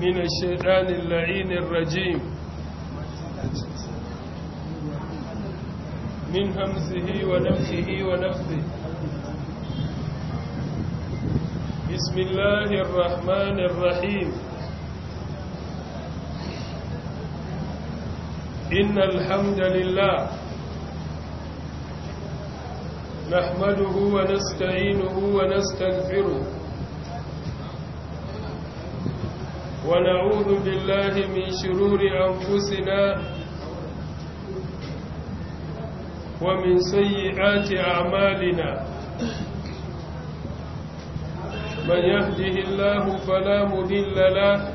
من الشيطان اللعين الرجيم من همزه ونفخه ونفخه بسم الله الرحمن الرحيم إن الحمد لله نحمده ونستعينه ونستغفره ونعوذ بالله من شرور أنفسنا ومن سيئات أعمالنا من يهده الله فلا مذل له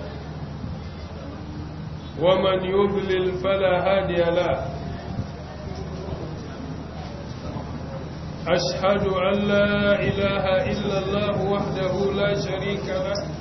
ومن يضلل فلا هادي له أشهد أن لا إله إلا الله وحده لا شريك له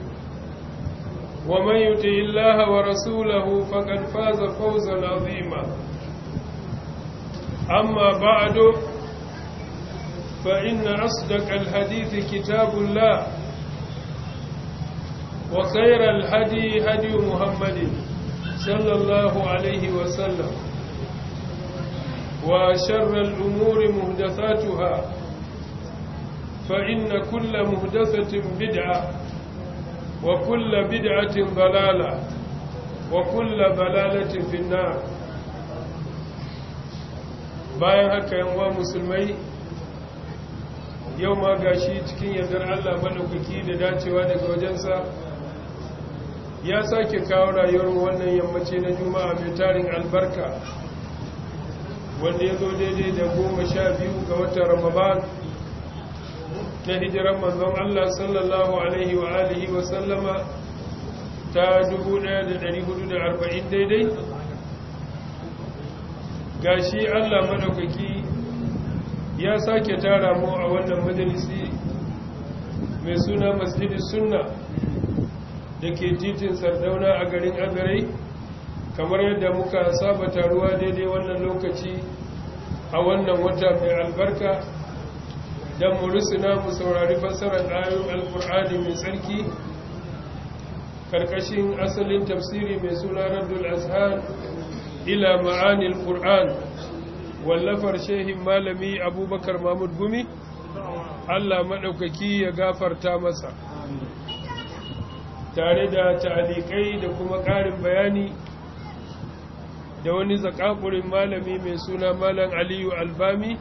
ومن يطع الله ورسوله فقد فاز فوزا عظيما أما بعد فإن أصدق الحديث كتاب الله وخير الهدي هدي محمد صلى الله عليه وسلم وشر الأمور مهدثاتها فإن كل مهدثة بدعة وكل بدعة ضلالة وكل ضلالة في النار bayan haka yanwa musulmai yau ma gashi cikin yardar Allah madaukaki da dacewa daga wajensa ya sake kawo rayuwar wannan yammaci na juma'a mai tarin albarka wanda ya zo daidai da goma sha biyu ga watan ramadan na hijirar manzon Allah sallallahu alaihi wa alihi wa sallama ta 1440 daidai ga shi Allah madaukaki ya sake tara mu a wannan majalisi mai suna masjidi sunna da ke titin sardauna a garin agarai kamar yadda muka saba taruwa daidai wannan lokaci a wannan wata mai albarka dan mu mu saurari fassarar ayoyin alkur'ani mai tsarki karkashin asalin tafsiri mai suna raddul azhar ila ma'anil qur'an wallafar shehin malami abubakar Mamud gumi allah maɗaukaki ya gafarta masa tare da ta'alikai da kuma ƙarin bayani da wani zakakurin malami mai suna malam aliyu albami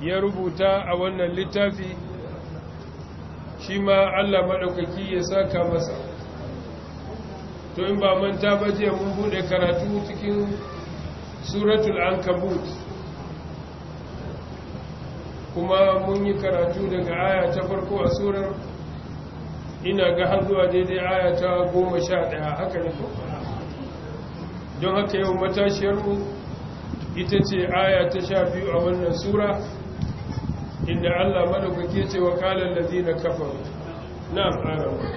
ya rubuta a wannan littafi shi ma Allah maɗaukaki ya saka masa to in ba manta ba jiya mun bude karatu cikin suratul ankabut kuma mun yi karatu daga aya ta farko a surar ina ga har zuwa daidai aya ta goma sha ɗaya haka ne don haka yau matashiyarmu ita ce aya ta sha biyu a wannan sura inda Allah madaukake ce wa kalan lazina kafaru na'am arama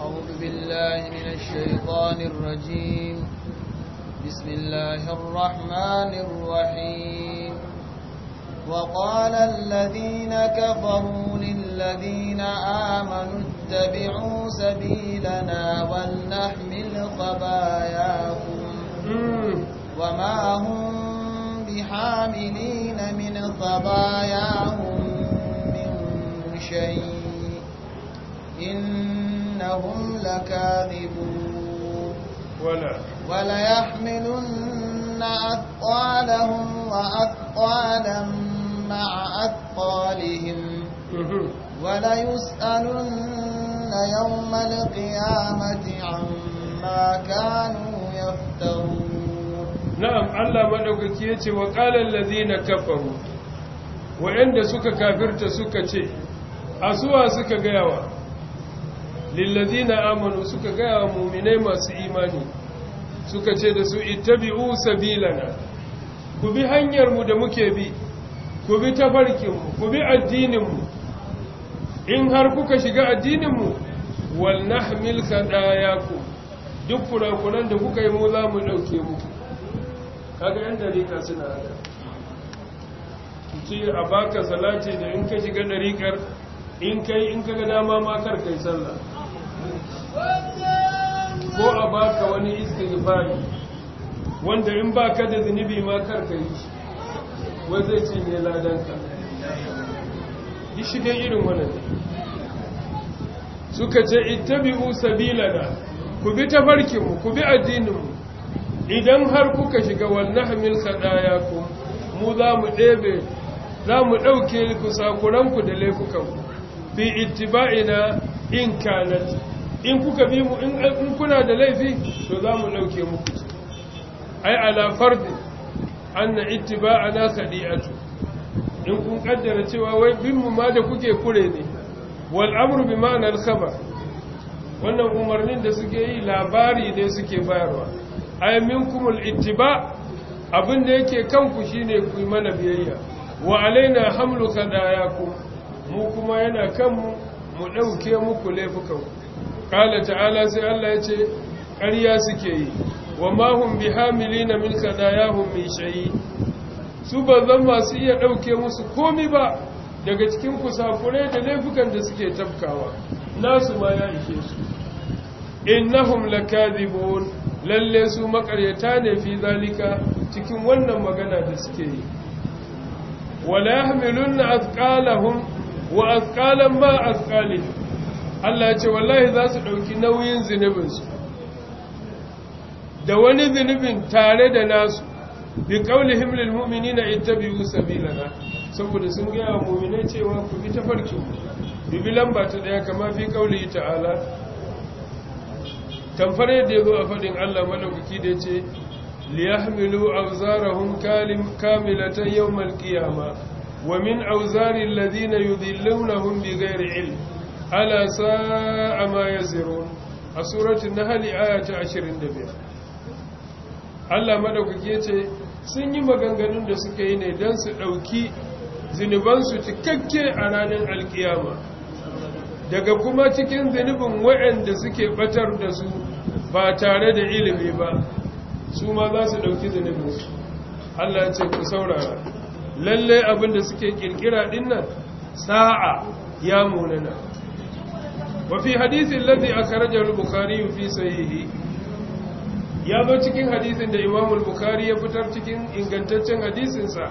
a'udhu billahi minash shaitanir rajim bismillahir rahmanir rahim وقال الذين كفروا للذين آمنوا اتبعوا سبيلنا ولنحمل خباياكم وما هم بحاملين من خباياهم شيء إنهم لكاذبون ولا وليحملن أثقالهم وأثقالا مع أثقالهم وليسألن يوم القيامة عما كانوا يفترون نعم الله مدوكتي يتي وقال الذين كفروا وعند سك كافرت سك تي asuwa suka gayawa lillazina amanu suka gayawa muminai masu imani suka ce da su ittabi'u sabilana ku bi hanyar mu da muke bi ku bi tafarkinmu ku bi addininmu in har kuka shiga addininmu wal nahmil ku duk kurakuran da kuka yi mu za mu ɗauke mu kaga yan dariƙa suna haka ce a baka salati da in ka shiga dariƙar in kai in kaga dama ma kar kai sallah ko a baka wani istighfari wanda in baka da zunubi ma kar kai wai zai ce ne ladanka yi shi dai irin wannan suka ce ittabi'u sabilana ku bi tafarkinmu ku bi addininmu idan har kuka shiga wannan hamil ku mu za mu ɗebe za mu ɗauke ku sakuranku da laifukanku bi ittiba'ina in kanat in kuka bi mu in kuna da laifi to za mu dauke muku ai ala fardi anna ittiba'ana sadi'atu in kun kaddara cewa wai bin mu ma da kuke kure ne wal amru bi ma'anar khabar wannan umarnin da suke yi labari ne suke bayarwa ay minkumul ittiba abin da yake kanku shine ku yi mana biyayya wa alaina hamlu kadayakum mu kuma yana kanmu mu ɗauke muku laifukan ƙala ta'ala sai Allah ya ce ƙarya suke yi wa mahun bi hamili na milka da yahun mai shayi su ba zan masu iya ɗauke musu komi ba daga cikin kusafurai da laifukan da suke tafkawa nasu ma ya ishe su innahum lakadibun lalle su makaryata ne fi zalika cikin wannan magana da suke yi wala yahmilunna athqalahum wa asqalan ma asqali Allah ya ce wallahi za su dauki nauyin zunubin da wani zinubin tare da nasu bi qaulihim lil mu'minina ittabi'u sabilana saboda sun ga mu'minai cewa ku bi tafarkin bibi lamba ta daya kama fi qauli ta'ala tamfare da yazo a fadin Allah malaukaki da ce liyahmilu awzarahum kalim kamilatan yawmal qiyamah ومن أوزار الذين يذلونهم بغير علم ألا ساء ما يزرون سورة النهل آية عشر النبي Allah madaukake ce sun yi maganganun da suka yi ne don su ɗauki zunubansu cikakke a ranar alkiyama daga kuma cikin zunubin wayanda suke batar da su ba tare da ilimi ba su ma za su ɗauki zunubinsu Allah ce ku saurara lalle abin da suke kirkira dinnan sa'a ya munana wa fi hadisin ladhi aka al-bukhari fi sahihi ya zo cikin hadisin da imamu al-bukhari ya fitar cikin ingantaccen hadisinsa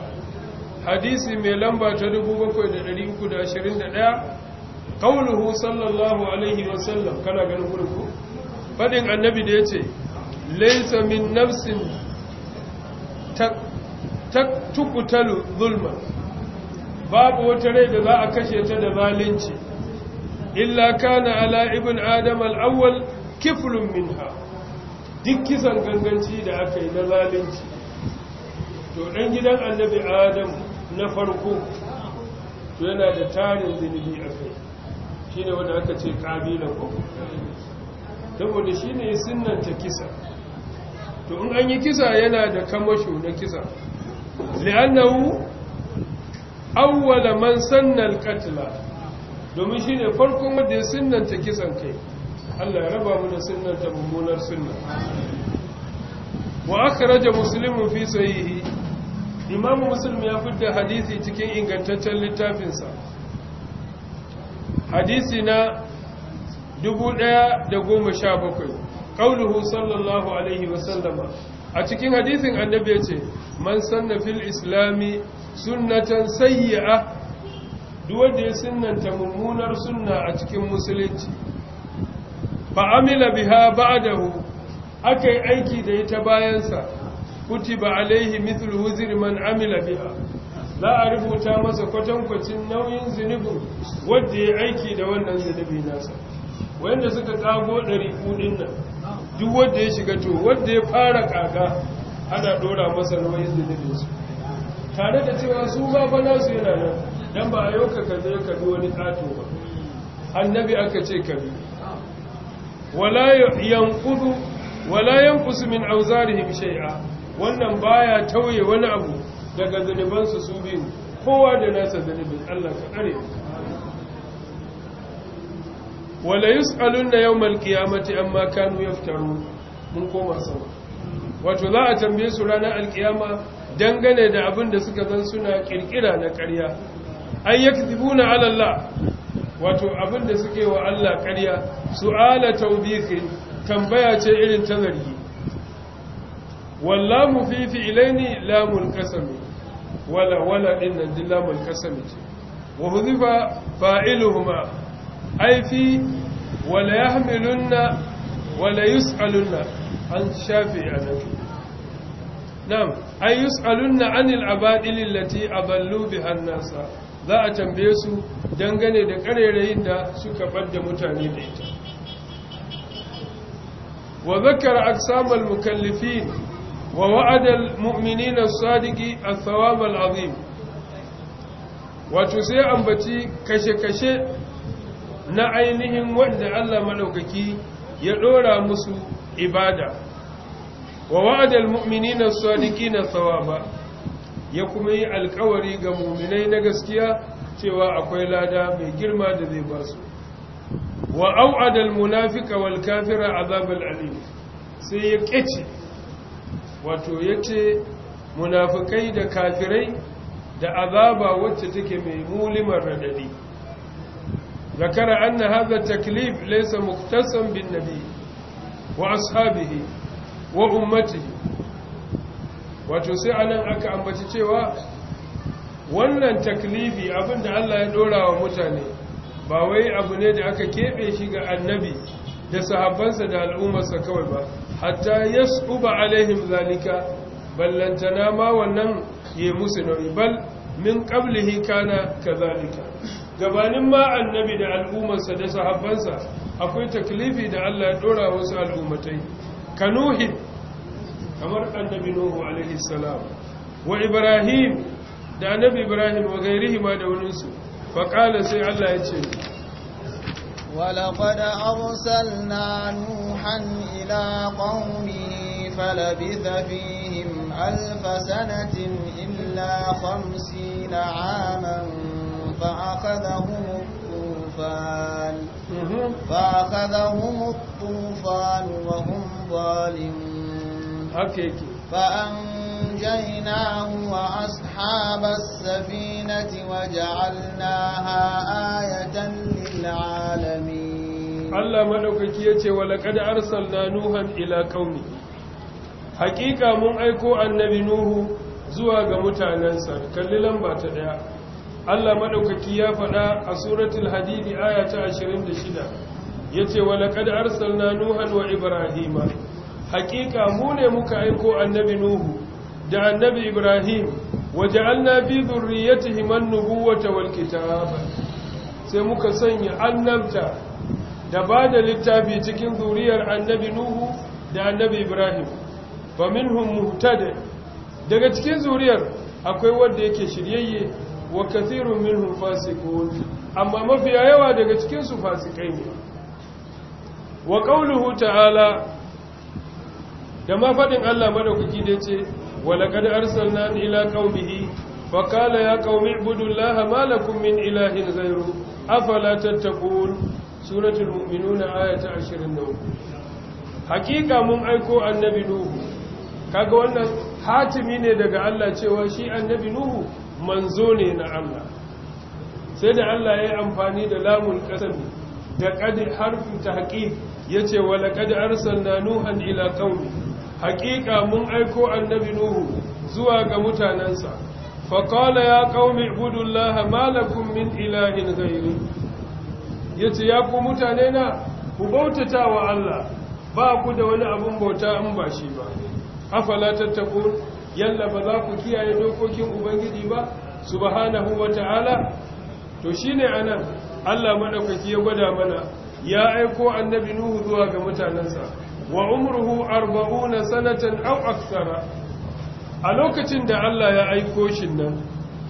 hadisi mai lamba ta 7321 qauluhu sallallahu alaihi wa sallam kana ganin gurku fadin annabi da yace laysa min nafsin tukutalu zulma babu wata rai da za a kashe ta da zalunci illa kana ala ibn adam al-awwal kiflun minha duk kisan ganganci da aka yi na zalunci to dan gidan annabi adam na farko to yana da tarin zunubi a kai shine wanda aka ce kabilan ko saboda shine ta kisa to in an yi kisa yana da kamasho na kisa لأنه أول من سن القتل qatla domin ne farkon wanda ya sunnanta kisan kai Allah ya raba mu da sunnanta mummunar sunna wa akhraja muslimun fi sahihi imamu muslim ya fitar hadisi cikin ingantaccen littafinsa hadisi na 1017 qauluhu sallallahu alaihi wa sallama a cikin hadisin annabi ya ce man sanna fil islami sunnatan sayyi'a duk wanda ya sunnanta mummunar sunna a cikin musulunci fa amila biha ba'dahu akai aiki da ita bayansa kutiba alaihi mithlu wuzri man amila biha za a rubuta masa kwatankwacin nauyin zunubin wanda ya aiki da wannan zunubi nasa wanda suka kago ɗari kudin nan duk wanda ya shiga to wanda ya fara kaka ana ɗora masa nauyin zunubin su tare da cewa su ba na su yana nan dan ba a yau ka kaje ka bi wani kato ba annabi aka ce ka bi wala yanqudu wala yanqusu min awzarihim shay'a wannan baya tauye wani abu daga zunubansu su biyu kowa da nasa zunubin Allah ka kare wala yus'alunna yawmal qiyamati amma kanu yaftarun mun koma sama wato za a tambaye su ranar alkiyama dangane da abin da suka zan suna kirkira na ƙarya ay yakdibuna ala Allah wato abin da suke wa Allah ƙarya su'ala tawbiqin tambaya ce irin ta zargi wallahu fi fi ilaini lamul qasami wala wala inna dillamul qasami wa hudhifa fa'iluhuma ai fi wala yahmilunna wala yus'alunna an shafi azaki nam an yus'alunna anil abadil allati adallu biha an-nasa za a tambaye su dangane da karerayin da suka badda mutane da ita wa zakara aksamal mukallifin wa wa'adar mu'minina as-sadiqi ath azim wato sai ambaci kashe-kashe na ainihin wanda Allah madaukaki ya dora musu ibada wa wa'adal mu'minina as-sadiqina thawaba ya kuma yi alkawari ga mu'minai na gaskiya cewa akwai lada mai girma da zai ba su wa au'adal munafiqa wal kafira azabal alim sai ya kece wato yace munafikai da kafirai da azaba wacce take mai mulimar radadi ذكر أن هذا التكليف ليس مختصا بالنبي وأصحابه وأمته وتسعى لن أكا أمتتوا wannan taklifi abinda Allah ya ɗora wa mutane ba wai abu ne da aka keɓe shi ga annabi da sahabbansa da al'ummarsa kawai ba hatta yas'uba alaihim zalika ballantana ma wannan ya musu nauyi bal min qablihi kana kadhalika gabanin ma annabi da al'ummarsa da sahabbansa akwai taklifi da Allah ya dora wasu al'ummatai kanuhi kamar annabi nuhu alaihi salam wa ibrahim da annabi ibrahim wa gairihi ma da wurinsu faƙala sai Allah ya ce ولقد أرسلنا nuhan إلى قومه فلبث فيهم ألف سنة إلا خمسين عاماً فأخذهم الطوفان فأخذهم الطوفان وهم ظالمون فأنجيناه وأصحاب السفينة وجعلناها آية للعالمين Allah maɗaukaki ya ce walaƙad arsalna nuhan ila kauni hakika mun aiko annabi nuhu zuwa ga mutanensa kalli lamba ta ɗaya Allah madaukaki ya faɗa a suratul hadidi aya ta 26 yace wa laqad arsalna nuhan wa ibrahima haqiqa mu ne muka aiko annabi nuhu da annabi ibrahim waja'alna fi dhurriyyatihim an-nubuwwata wal kitaba sai muka sanya annabta da ba da littafi cikin zuriyar annabi nuhu da annabi ibrahim fa minhum daga cikin zuriyar akwai wanda yake shiryayye wa kathirun minhum fasiqun amma mafiya yawa daga cikin su fasikai ne wa qawluhu ta'ala da ma fadin Allah madaukaki da yace wa laqad arsalna ila qaumihi fa qala ya qaumi ibudullaha ma lakum min ilahin ghayru afala tattaqun suratul mu'minun ayatu 23 haqiqa mun aiko annabi nuhu kaga wannan hatimi ne daga Allah cewa shi annabi nuhu manzo ne na Allah sai da Allah ya yi amfani da lamun ƙasar da kadi ce wa da wala arsan na nuhan ila qaumi Haƙiƙa mun aiko annabi nuhu zuwa ga mutanensa. faƙala ya ƙauni gudun ma lakum min ilahin ya ce ya ku mutane na ku bautata wa Allah ba ku da wani abin bauta in ba shi ba afala tattaqun yalla ba za ku kiyaye dokokin ubangiji ba subhanahu wata'ala to shine anan Allah madaukaki ya gwada mana ya aiko annabi nuhu zuwa ga mutanansa wa umruhu 40 sanatan aw akthara a lokacin da Allah ya aiko shi nan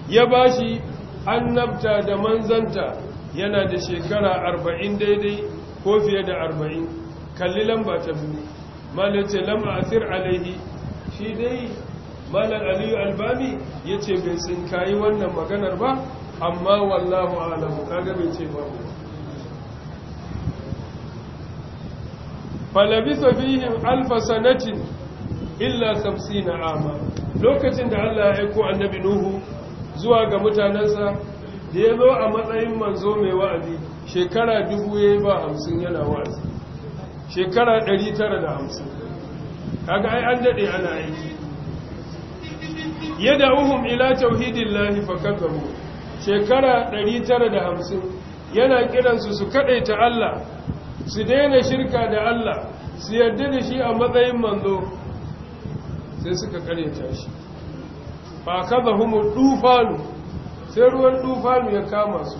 ya bashi annabta da manzanta yana da shekara 40 daidai ko fiye da 40 kalli lamba ta biyu malace lam asir alaihi shi dai malam aliyu albani ya ce bai kayi wannan maganar ba amma wallahu alamu kaga bai ce ba falabisa fihim alfa sanatin illa na ama lokacin da Allah ya aiko annabi nuhu zuwa ga mutanensa da ya zo a matsayin manzo mai wa'azi shekara dubu ya ba hamsin yana wa'azi shekara ɗari tara da hamsin kaga ai an daɗe ana aiki yad'uhum ila tauhidillahi fakakamu shekara 950 yana kiransu su ta Allah su daina shirka da Allah su yarda da shi a matsayin manzo sai suka kadaita shi fa kadhahumu dufanu sai ruwan dufanu ya kama su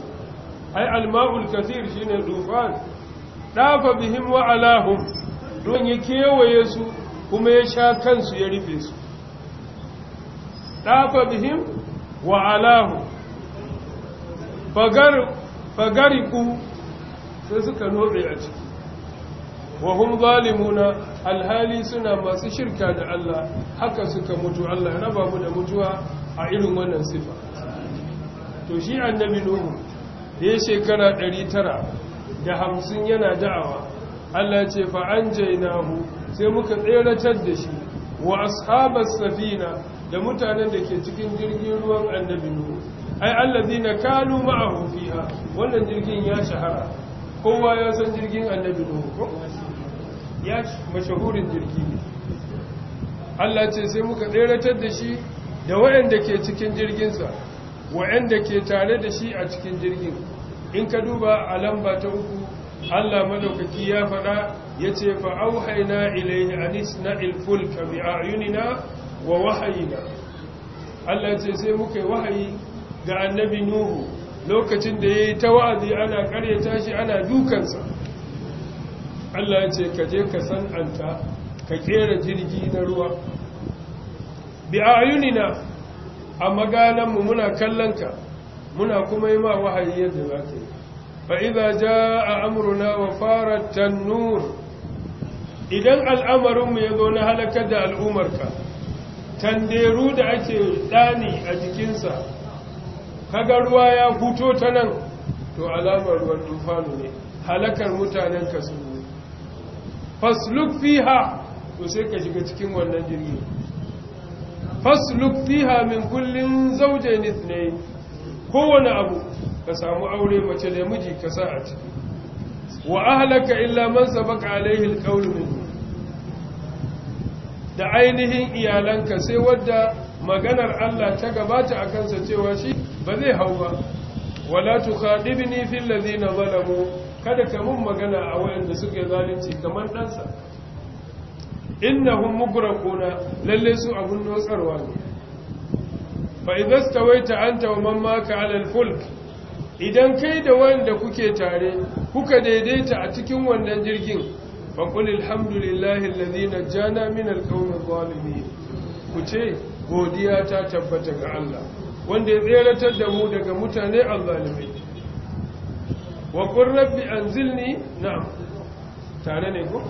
ai alma'ul kathir shine ne dafa bihim wa alahum ruwan ya kewaye su kuma ya sha kansu ya rufe su ɗafa bihim wa alahu fagariku sai suka nobe a ciki wa hum zalimuna alhali suna masu shirka da Allah haka suka mutu Allah ya raba mu da mutuwa a irin wannan sifa to shi annabi nuhu da ya shekara 900 da hamsin yana da'awa Allah ce fa anjaynahu sai muka tseratar da shi wa ashabas safina da mutanen da ke cikin jirgin ruwan annabi nuhu ai allazina kalu ma'ahu fiha wannan jirgin ya shahara kowa ya san jirgin annabi nuhu ko ya mashahurin jirgi ne Allah ce sai muka tseratar da shi da waɗanda ke cikin jirginsa waɗanda ke tare da shi a cikin jirgin in ka duba a lamba ta uku Allah madaukaki ya faɗa ya ce fa'auhaina ilayhi anis na ilfulka bi yunina. wa wahayina Allah ce sai muka yi wahayi ga annabi Nuhu lokacin da ya yi ta wa'azi ana karyata shi ana dukansa Allah ce ka je ka san'anta ka kera jirgi na ruwa bi ayunina a magananmu muna kallonka muna kuma yi ma wahayi yadda za ka yi fa'iza ja a amurna wa fara tannur idan al'amarinmu ya zo na halakar da al'umarka tanderu da ake ɗani a jikinsa kaga ruwa ya huto ta nan to alamar ruwan tufanu ne halakar mutanen kasu ne fasluk fiha to sai ka shiga cikin wannan jirgi fasluk fiha min kullum ne. ne kowane abu ka samu aure mace da miji ka sa a ciki wa ahlaka illa man sabaka alaihi alqawlu minhu da ainihin iyalanka sai wadda maganar Allah ta gabata a kansa cewa shi ba zai hau ba wala tukhadibni fil ladina zalamu kada ka mun magana a wayanda suke zalunci kamar dansa innahum mugraquna lalle su abun notsarwa ne fa idza stawaita anta wa man maka ala al fulk idan kai da wanda kuke tare kuka daidaita a cikin wannan jirgin faƙul alhamdulillahi lalzina jana min alƙaunin zalimi ku ce godiya ta tabbata ga Allah wanda ya tseratar da mu daga mutane alzalimai wa ƙun rabbi an zilni na'am tare ne ko?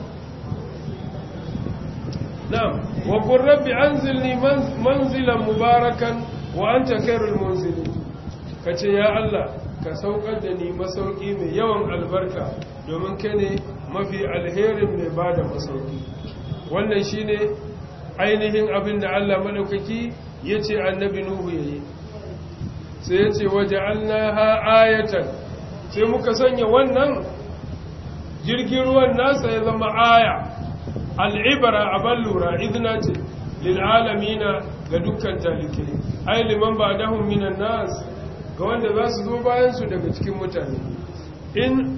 na'am wa ƙun rabbi an zilni manzilan mubarakan wa an takarul manzili ka ce ya Allah ka saukar da ni masauki mai yawan albarka domin kai ne mafi alherin mai ba da masauki wannan shi ne ainihin abin da allah maɗaukaki ya ce annabi nuhu ya yi sai ya ce waje allaha ayatan sai muka sanya wannan jirgin ruwan nasa ya zama aya al'ibara a ban lura izina ce lil'alamina ga dukkan talike ailiman liman ba dahun minan nas ga wanda za su zo bayansu daga cikin mutane in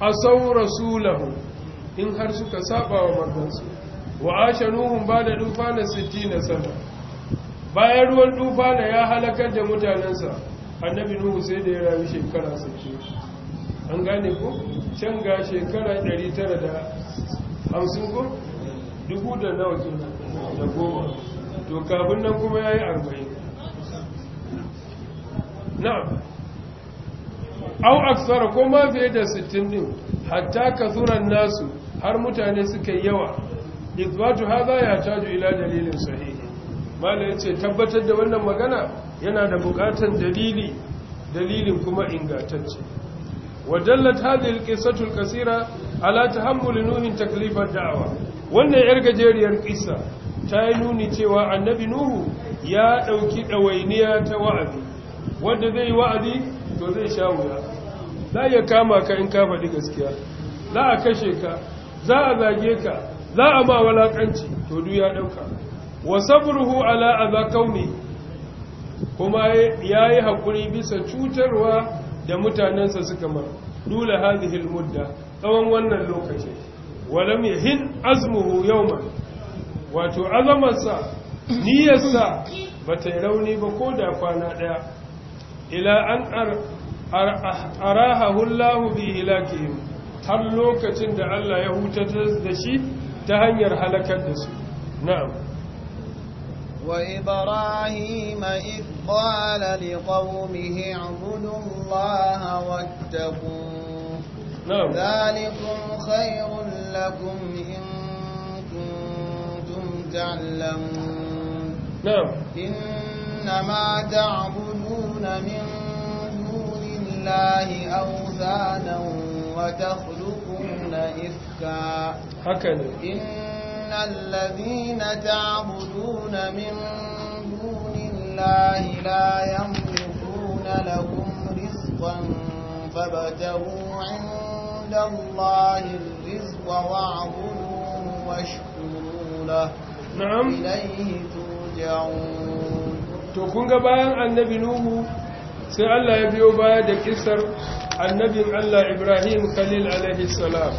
asau rasulahu in har suka saba wa manzansu wa asharuhum bada dufa na 60 sana bayan ruwan dufa na ya halakar da mutanensa annabi nuhu sai da ya rayu shekara 60 an gane ko can ga shekara 950 ko dubu da nawa ke da goma to kafin nan kuma ya yi arba'in na'am au aksara ko ma fiye da 60 din hatta ka zuran nasu har mutane suka yawa ithbatu haza ya taju ila dalilin sahihi mala yace tabbatar da wannan magana yana da bukatan dalili dalilin kuma ingantacce wadallat hadhihi alqisatu alqasira ala tahammul nuh taklifa dawa wannan yar gajeriyar kissa ta yi nuni cewa annabi nuhu ya dauki dawainiya ta wa'azi wanda zai yi wa'azi to zai sha wuya za iya kama ka in ka faɗi gaskiya za a kashe ka za a zage ka za a ma walakanci to duk ya ɗauka wa sabruhu ala aza kauni kuma ya yi haƙuri bisa cutarwa da mutanensa suka mar dole hadhihi almudda tsawon wannan lokaci walam yahin azmuhu ma wato azamarsa niyyarsa yi rauni ba ko da kwana ɗaya. ila an arahahu Allah bi ilakihim har lokacin da Allah ya hutatar da shi ta hanyar halakar da su na'am وإبراهيم إذ قال لقومه اعبدوا الله واتقوه ذلكم خير لكم إن كنتم تعلمون إنما تعبدون تتخذون من دون الله أوثانا وتخلقون إفكا هكذا إن الذين تعبدون من دون الله لا يملكون لكم رزقا فابتغوا عند الله الرزق واعبدوه واشكروا له نعم إليه ترجعون to kun ga bayan annabi nuhu sai Allah ya biyo baya da kisar annabin Allah Ibrahim Khalil alaihi salam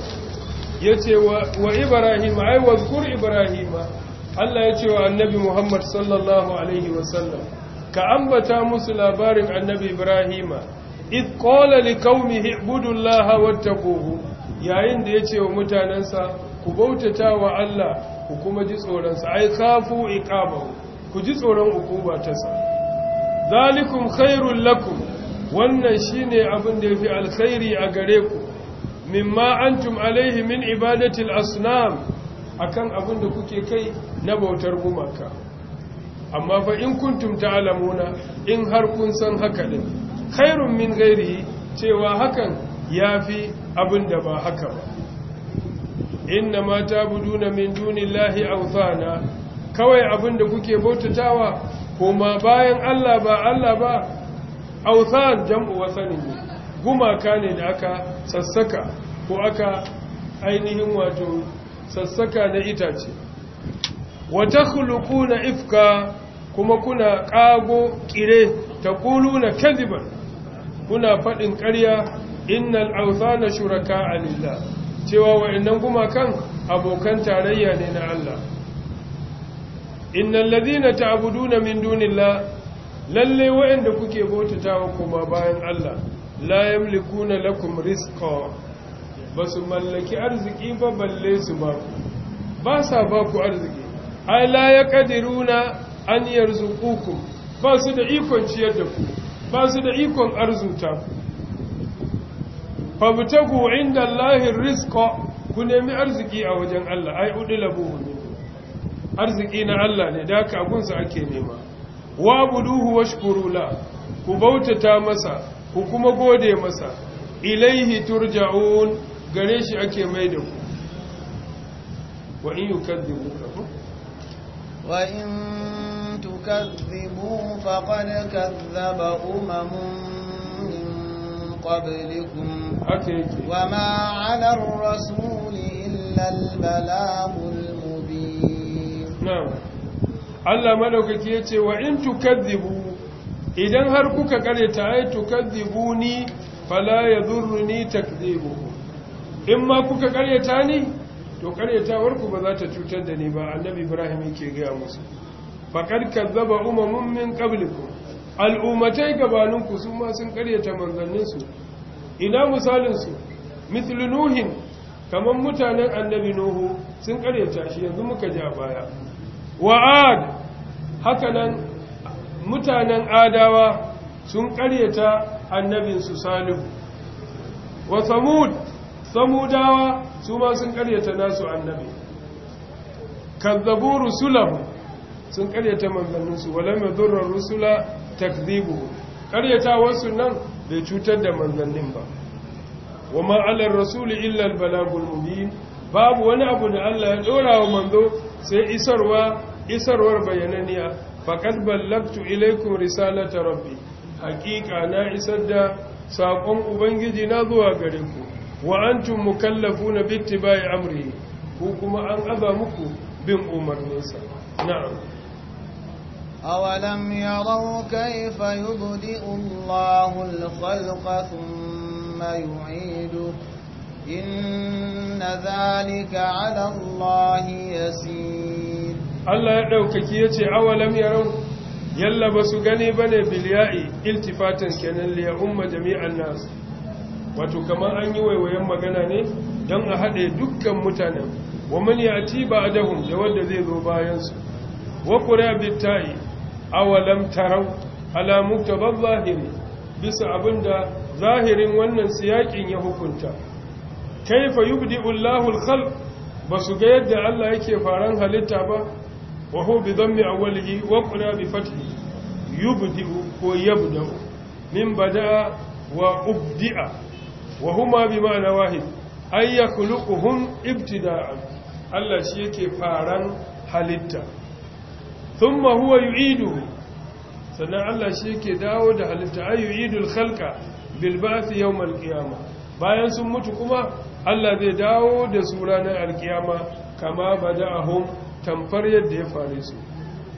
yace wa Ibrahim ai wazkur Ibrahim Allah yace wa annabi Muhammad sallallahu alaihi wasallam ka ambata musu labarin annabi Ibrahim id qala liqaumihi ibudullaha wattaquhu yayin da yace wa mutanansa ku bautata wa Allah ku kuma ji tsoron sa ai kafu iqabahu ku ji tsoron ukuba ta sa zalikum khairul lakum wannan shine abin da yafi alkhairi a gare ku mimma antum alaihi min ibadatil asnam akan abin da kuke kai na bautar gumaka amma fa in kuntum ta'lamuna in har kun san haka din khairun min ghairihi cewa hakan yafi abin da ba haka ba inna ma tabuduna min dunillahi awthana kawai abin da kuke bautatawa kuma bayan Allah ba Allah ba authan jam'u wasani ne gumaka ne da aka sassaka ko aka ainihin wato sassaka na itace wa na ifka kuma kuna kago kire taquluna kadhiban kuna fadin ƙarya innal awthana shuraka'a lillah cewa wa'annan gumakan abokan tarayya ne na Allah ta ladina ta'buduna min dunillah lalle wa'anda kuke bautatawa kuma bayan Allah la yamlikuna lakum rizqa basu mallaki arziki ba balle su ba ba sa ba ku arziki ai la yaqdiruna an yarzuqukum ba su da ikon ciyar da ku ba su da ikon arzuta ku bitagu inda Allahi rizqa ku nemi arziki a wajen Allah ai udilabuhu arziki na Allah ne da haka abunsa ake nema wa buduhu washkuru la ku bautata masa ku kuma gode masa ilaihi turja'un gare shi ake mai da ku wa in yukadhibuka wa in tukadhibu qad kadhaba umamun قبلكم وما على الرسول إلا البلاغ Allah madaukaki ya ce wa in tukadzibu idan har kuka kareta ai tukadzibu ni fala yadhurruni takdzibu in ma kuka ta ni to ta warku ba za ta cutar da ni ba annabi Ibrahim yake ga musu faqad kazzaba umamun min qablikum al'umatai gabaninku su ma sun karyata manzanninsu ina su mithlu nuhin kamar mutanen annabi nuhu sun karyata shi yanzu muka ja baya wa'ad hakanan mutanen adawa sun karyata annabinsu salihu wa samud samudawa su ma sun ƙaryata nasu annabi kazzabu rusulahu sun karyata manzanninsu wala madurrar rusula takzibu wasu nan bai cutar da manzannin ba wa ma'alar rasuli illal albalagul mubin babu wani abu da Allah ya ɗora wa manzo sai isarwa isarwar bayananiya faqad ballagtu ilaykum risalata rabbi haqiqa na isar da sakon ubangiji na zuwa gare ku wa antum mukallafuna bittiba'i amri ku kuma an aba muku bin umarninsa na'am أولم يروا كيف يبدئ الله الخلق ثم يعيده إن ذلك على الله يسير Allah ya ɗaukaki ya ce awalam yarau yalla ba su gani ba ne biliya'i iltifatan kenan liya umma jami'an nasu wato kamar an yi waiwayen magana ne don a haɗe dukkan mutanen wa man a ci ba adahum da wanda zai zo bayansu wa qura bitai awalam tarau ala ban zahiri bisa abinda zahirin wannan siyakin ya hukunta kaifa yubdi'u Allahul Ba basu ga yadda Allah yake faran halitta ba وهو بضم أوله وقنا بفتحه يبدئ ويبدأ من بدأ وأبدئ وهما بمعنى واحد أن يخلقهم ابتداء الله شيك فارا حلتا ثم هو يعيده سنة الله شيك داود حلتا أي يعيد الخلق بالبعث يوم القيامة bayan sun mutu kuma Allah zai dawo da su ranar alkiyama kama bada'ahum tamfar yadda ya fare su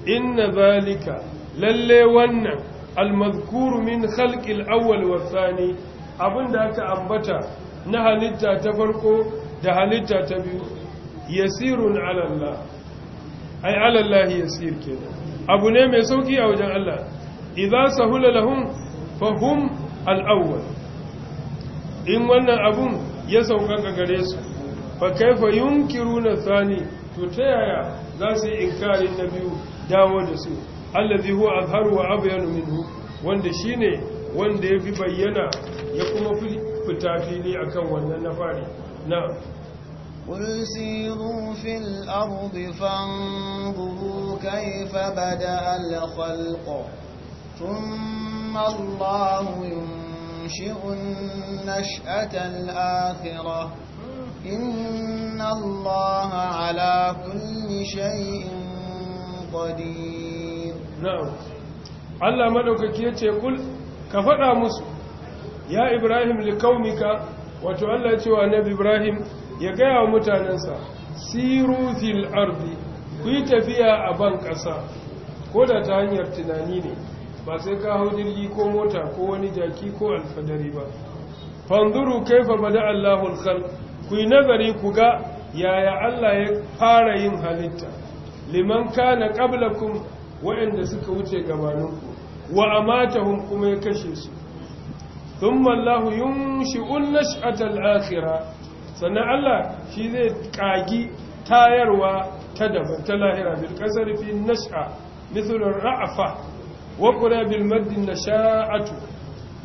inna zalika lalle wannan almazkuru min khalqil awwal wasani abinda aka ambata na halitta ta farko da halitta ta biyu yasirun ala Allah ai ala Allah yasir kenan abu ne mai sauki a wajen Allah idza sahula lahum fahum al-awwal in wannan abun ya sauka gare su fa kaifa yunkiruna thani to ta yaya za su yi inkarin na biyu dawo da su allazi huwa azharu wa abyanu minhu wanda shine wanda ya fi bayyana ya kuma fita fili akan wannan na fari na قل سيروا في الأرض فانظروا كيف بدأ الخلق ثم الله ينشئ النشأة الآخرة إن الله على كل ka faɗa musu? Ya Ibrahim يقول كفتا Allah يا إبراهيم لقومك وتعلت نبي إبراهيم يقيا متاننسا siru fil ardi ku tafiya a ban ƙasa ko da ta hanyar tunani ne ba sai ka hau jirgi ko mota ko wani jaki ko alfadari ba fanzuru kaifa bada allahul khalq ku yi nazari ku ga yaya Allah ya fara yin halitta liman kana qablakum waɗanda suka wuce gabaninku wa amatahum kuma ya kashe su thumma Allahu yunshi'un nash'atal akhirah sannan Allah shi zai kagi tayarwa ta daban ta lahira bil kasari fi nash'a mithlu ra'afa wa qura bil madd nasha'atu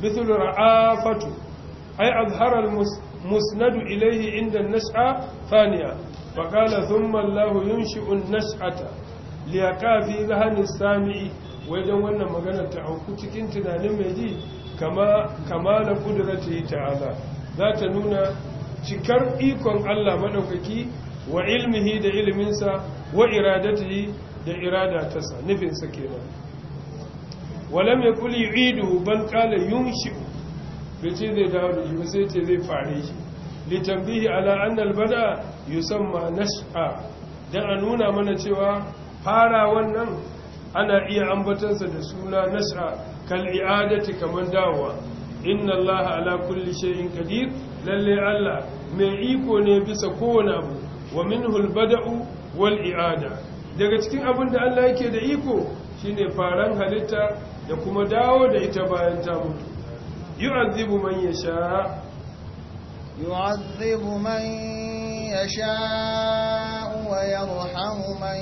mithlu ra'afatu ay azhara al musnadu ilaihi inda nas'a faniya فقال ثم الله ينشئ النشأة ليقع في ذهن السامع wajen wannan maganar ta auku cikin tunanin mai ji kama na ƙudurata ta'ala za ta nuna cikar ikon Allah maɗaukaki wa ilmihi da iliminsa wa iradatihi da iradatarsa nufinsa kenan walam mai kuli idu ban ƙala yun bace zai dawo da sai ce zai fare shi litambihi ala annal bada yusamma nash'a dan a nuna mana cewa fara wannan ana iya ambatansa da suna nash'a kal i'adati kaman dawowa inna allaha ala kulli shay'in qadir lalle allah mai iko ne bisa kowane abu wa minhu al bada'u wal i'ada daga cikin abin da Allah yake da iko shine faran halitta da kuma dawo da ita bayan ta mutu يعذب من يشاء يعذب من يشاء ويرحم من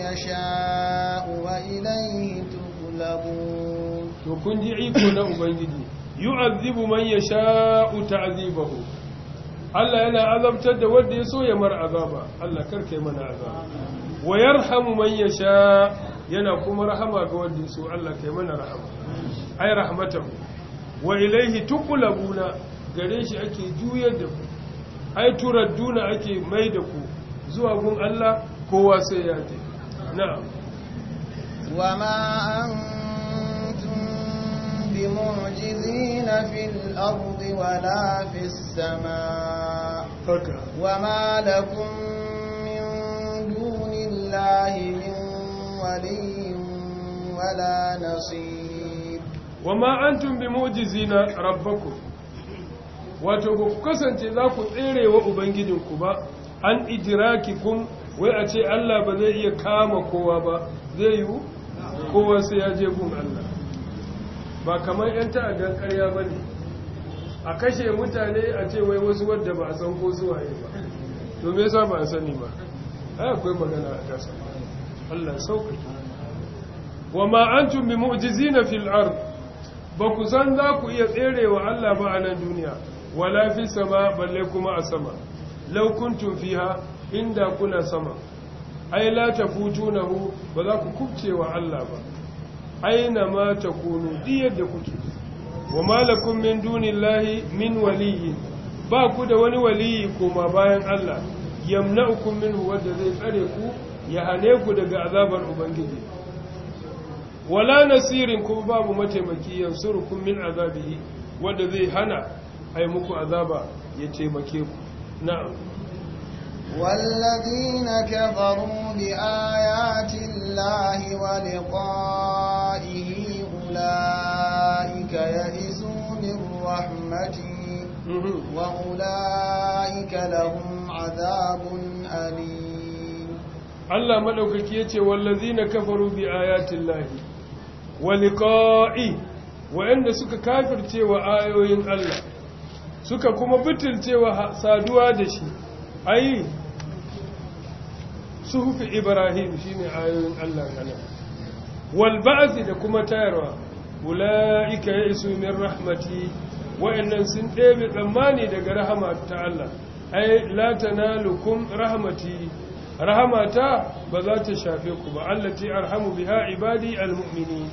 يشاء وإليه تغلبون تكون جعيكم لأبنجدي يعذب من يشاء تعذيبه Allah yana azabtar da wanda ya so ya mar azaba Allah karka yi mana azaba wa yarhamu man sha yana kuma rahama ga wanda ya so Allah kai mana rahama ay rahmatahu wa ilaihi tuqlabuna gare shi ake juyar da ku ai turadduna ake mai da ku zuwa gun Allah kowa sai ya je na'am wa ma antum bimu'jizina fil ardi wala fis wa ma lakum min dunillahi min wala nasir wa ma antum bi mu'jizina rabbakum wato ba ku kasance za ku tsere wa ubangijinku ba an idrakikum wai a ce Allah ba zai iya kama kowa ba zai yiwu kowa sai ya je gun Allah ba kamar 'yan ta'addan ƙarya ba ne a kashe mutane a ce wai wasu wadda ba a san ko zuwa yi ba to me yasa ba a sani ba ai akwai magana a kasa Allah sauƙaƙe wa ma antum bi mu'jizina fil ard ba ku san za ku iya tserewa Allah ba a nan duniya wala fi sama balle kuma a sama laukuntun fiha inda kuna sama ai la hu, ba za ku kubcewa Allah ba aina ma takunu diyar da kuke wa malakun min dunillahi min waliyyi ba ku da wani waliyi kuma bayan Allah yamna'ukum minhu wanda zai tsare ku ya hane ku daga azabar ubangiji wala nasirin kuma babu mataimaki yansurukum min azabihi wanda zai hana ai muku azaba ya taimake ku na'am walladhina kafaru bi ayati llahi wa liqa'ihi ulaika ya'isu min rahmati mhm. wa ulaika lahum adhabun alim Allah maɗaukaki yace wallazina kafaru bi ayati llahi wa liqa'i suka kafirce wa ayoyin Allah suka kuma butulce wa saduwa da shi ai suhufi ibrahim shine ayoyin Allah kana wal da kuma tayarwa ya ya'isu min rahmati wa'annan sun ɗebe tsammani daga rahama ta Allah ai latana tanalukum rahmati rahamata ba za ta shafe ku ba allati arhamu biha ibadi almu'minin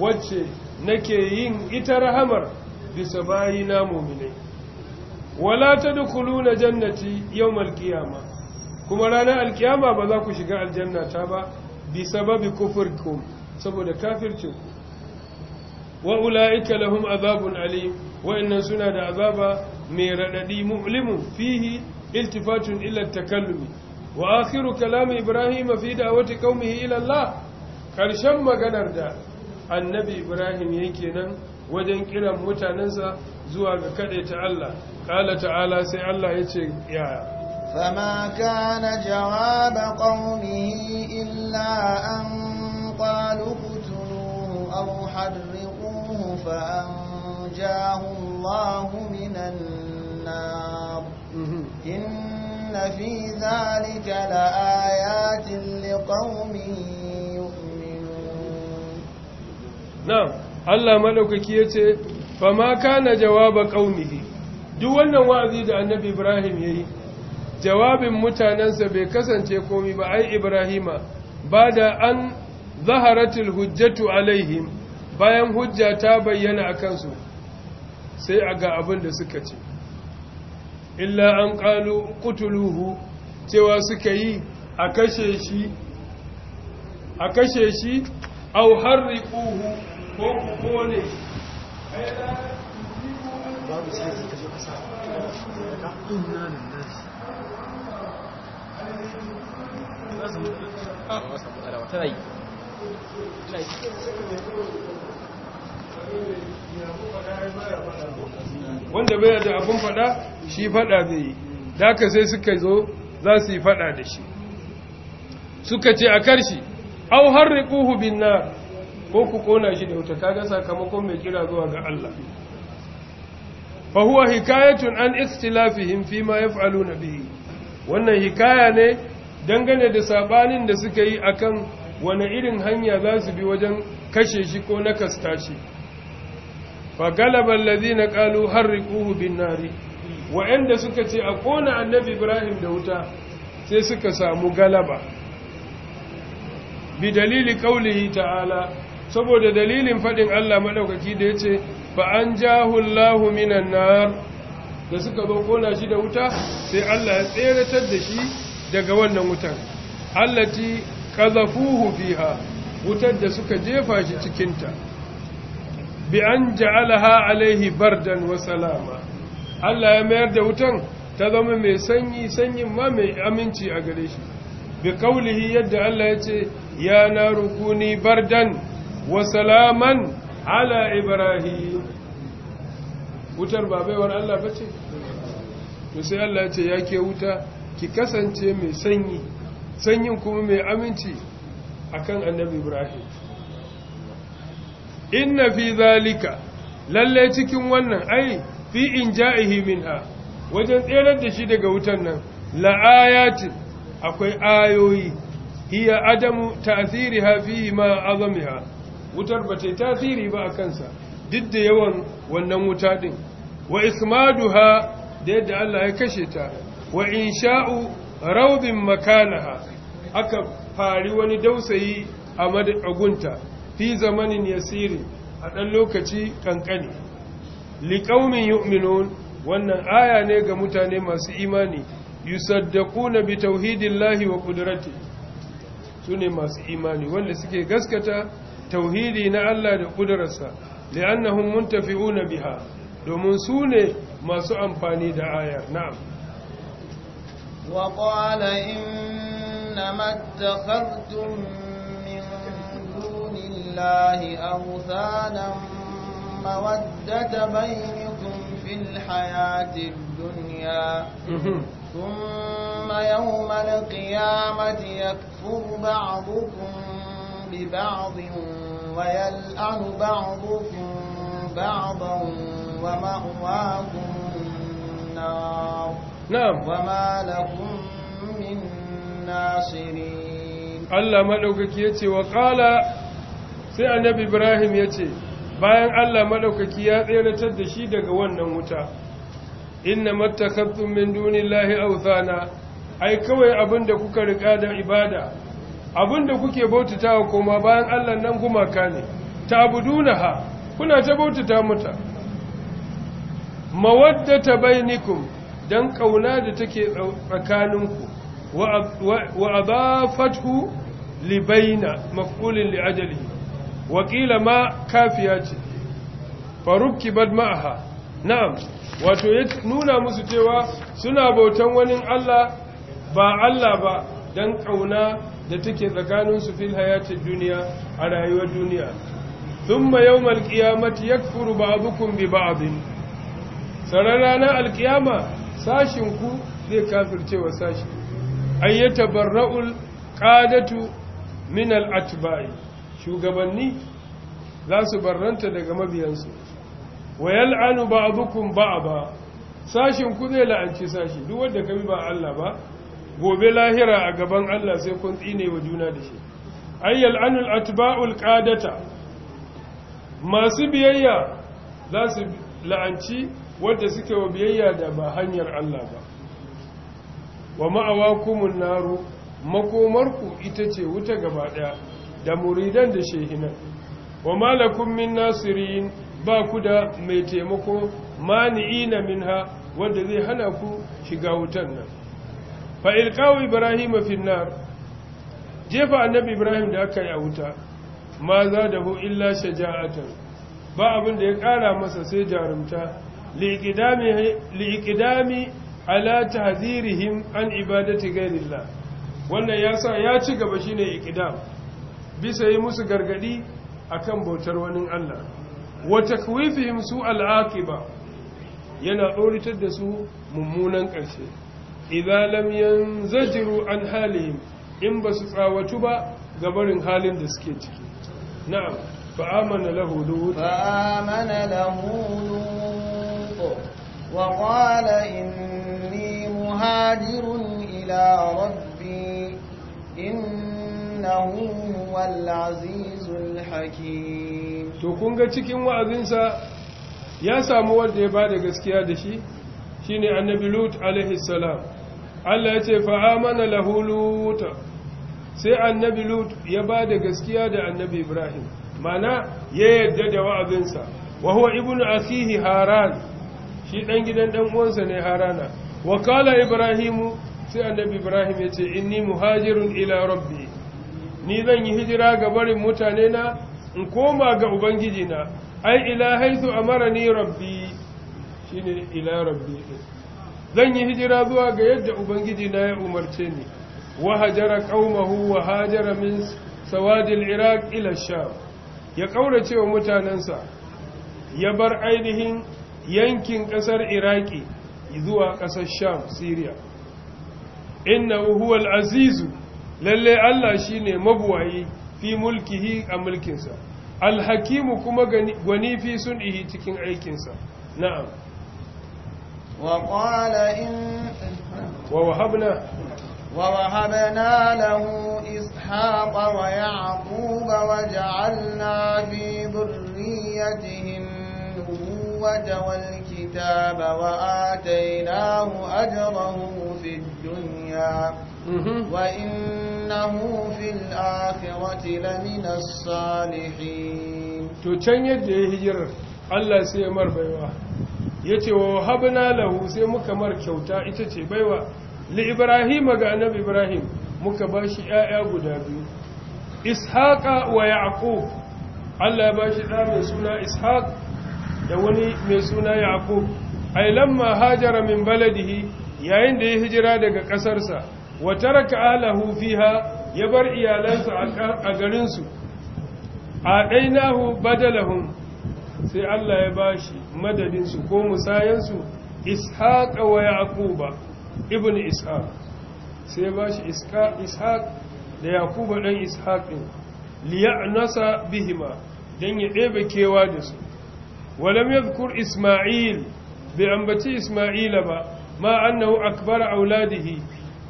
wacce nake yin ita rahamar bisa bayi na muminai wala ta na jannati yau malkiyama kuma ranar alkiyama ba za ku shiga aljannata ba bi kufur kufurkum saboda kafircin wa ulaika lahum azabun alim wa'annan suna da azaba mai raɗaɗi mu'limun fihi iltifatun ila takallumi wa akhiru kalam ibrahim fi da'wati qaumihi ila Allah karshen maganar da annabi ibrahim yake nan wajen kiran mutanensa zuwa ga kadaita Allah kala ta'ala sai Allah ya ce yaya fama kana jawab qaumihi illa an qalu qutuluhu aw hadriquhu fa anjahu Allahu minan nar mhm. in fi dhalika la ayatin liqaumihi na'am Allah maɗaukaki madaukaki ce fama kana jawaba ƙaunihi duk wannan wa'azi da annabi Ibrahim ya yi jawabin mutanansa bai kasance komi ba ai Ibrahima ba da an zaharatul hujjatu alaihim bayan hujja ta bayyana a kansu sai a ga abin da suka ce illa an ƙalu ƙutuluhu cewa suka yi a kashe shi a kashe shi au harriƙuhu ko ku kone wanda bai da abun fada shi fada bai yi da sai suka zo za su yi fada da shi suka ce a karshi au harriquhu bin na ko ku kona shi da wuta kaga sakamakon mai kira zuwa ga Allah fa huwa hikayatun an istilafihim fi ma yaf'aluna bihi wannan hikaya ne dangane da sabanin da suka yi akan wani irin hanya za su bi wajen kashe shi ko nakasta shi fa galaba alladhina qalu harriquhu bin nari Wa inda suka ce a kona annabi Ibrahim da wuta sai suka samu galaba bi dalili qaulihi ta'ala saboda dalilin faɗin Allah maɗaukaki da ya ce ba an jahullahu minan nar da suka zo kona shi da wuta sai Allah ya tseratar da shi daga wannan wutan allati qazafuhu fiha wutar da suka jefa shi cikinta bi an ja'alaha alaihi bardan wa salama Allah ya mayar da wutan ta zama mai sanyi sanyin ma mai aminci a gare shi bi kaulihi yadda Allah ya ce ya kuni bardan wasalaman ala ibrahim wutar ba baiwar Allah ba ce to sai Allah ce ya ke wuta ki kasance mai sanyi sanyin kuma mai aminci akan annabi ibrahim inna fi zalika lalle cikin wannan ai fi inja'ihi minha wajen tserar da shi daga wutan nan la'ayatin akwai ayoyi hiya adamu ta'thiriha fihi ma azamiha wutar ba ta tasiri ba a kansa duk da yawan wannan wuta din wa ismaduha da yadda Allah ya kashe ta wa insha'u rawdin makanaha aka fari wani dausayi a madagunta fi zamanin yasiri a ɗan lokaci ƙanƙani liƙaumin yu'minun wannan aya ne ga mutane masu imani yusaddaquna bi tauhidillahi wa qudratihi sune masu imani wanda suke gaskata tauhidi na Allah da ƙudurarsa li'annahum muntafi'una biha domin su ne masu amfani da ayar na'am wa qala innama attakhadtum min dunillahi awthanan mawaddata bainakum fil hayati dunya ثم يوم القيامة يكفر بعضكم ببعض ويلأن بعضكم بعضا ومأواكم النار نعم وما لكم من ناصرين الله ملوكك يتي وقال سي النبي إبراهيم يتي bayan Allah madaukaki ya tseratar da shi daga wannan wuta inna mattakhadtum min dunillahi awthana ai kawai abinda kuka riƙa da ibada abinda kuke bautata wa koma bayan Allah nan gumaka ne ta tabudunaha kuna ta bautata mata mawaddata bainikum dan kauna da take tsakaninku wa adafathu li baina maf'ulin li ajali wa ma kafiya ce farukki bad ma'aha na'am wato ya nuna musu cewa suna bautan wani Allah ba Allah ba Dan ƙauna da take tsakaninsu fil hayatid duniya a rayuwar duniya thumma yawmal qiyamati yakfuru ba'dukum bi ba'd sarar ranar alkiyama sashin ku zai kafirce wa sashi ayyata barra'ul qadatu min al-atba'i shugabanni za su barranta daga mabiyansu wa yal'anu ba'dukum ba'da sashin ku zai la'anci sashi duk wanda kabi ba Allah ba gobe lahira a gaban Allah sai kun tsine wa juna da shi ayyal anul atba'ul qadata masu biyayya za su la'anci wanda suke wa biyayya da ba hanyar Allah ba wa ma'awakumun naru makomarku ita ce wuta gaba daya da muridan da shehinan wa malakum min nasirin ba ku da mai taimako mani'ina minha wanda zai hana ku shiga wutan nan fa ilqaw ibrahim fi jefa annabi ibrahim da aka yi a wuta ma za da hu illa ba abin da ya ƙara masa sai jarumta liƙidami ala tahzirihim an ibadati ghairillah wannan yasa ya ci gaba shine iqdam bisa yi musu gargadi akan bautar wani Allah wa takwifihim su al'aqiba yana ɗoritar da su mummunan ƙarshe idan lam yanzajiru an halihim in ba su tsawatu ba ga barin halin da suke ciki na'am fa amana lahu lut fa amana lahu wa qala inni muhajirun ila rabbi innahu wal azizul hakim to kun ga cikin wa'azinsa ya samu wanda ya bada gaskiya da shi shine annabi lut alaihi salam Allah ya ce fa'amana lahu luta sai annabi lut ya ba da gaskiya da annabi ibrahim mana ya yadda da wa'azinsa wa huwa ibnu Asihi haran shi ɗan gidan ɗan uwansa ne harana wa kala ibrahimu sai annabi ibrahim ya ce inni muhajirun ila rabbi ni zan yi hijira ga barin mutane na in koma ga ubangiji na ai ila haythu amarani rabbi shine ila rabbi zan yi hijira zuwa ga yadda ubangiji na ya umarce ni wa hajara qaumahu wa hajara min sawadil iraq ila sham ya ƙaurace wa mutanansa ya bar ainihin yankin kasar iraki zuwa kasar sham syria huwa al azizu lalle Allah shine mabuwayi fi mulkihi a mulkinsa alhakimu kuma gani fi sun'ihi cikin aikinsa na'am وقال إن ووهبنا ووهبنا له إسحاق ويعقوب وجعلنا في ذريته النبوة والكتاب وآتيناه أجره في الدنيا وإنه في الآخرة لمن الصالحين تتنيد هجر الله سيمر بيوه ya ce wa habna lahu sai muka mar kyauta ita ce baiwa li ibrahim ga annabi ibrahim muka ba shi ‘ya'ya guda biyu ishaqa wa yaqub Allah ya ba shi da mai suna ishaq da wani mai suna yaqub ai lamma hajara min baladihi yayin da ya hijira daga ƙasarsa wa taraka alahu fiha ya bar iyalansa a garin su a dainahu badalahum sai Allah ya bashi madadin su ko musayensu ishaq wa yaquba ibn ishaq sai bashi ishaq da yaquba dan ishaq din liya'nasa bihima dan ya ɗebe kewa da su walam yadhkur isma'il bai ambaci isma'ila ba ma annahu akbar auladihi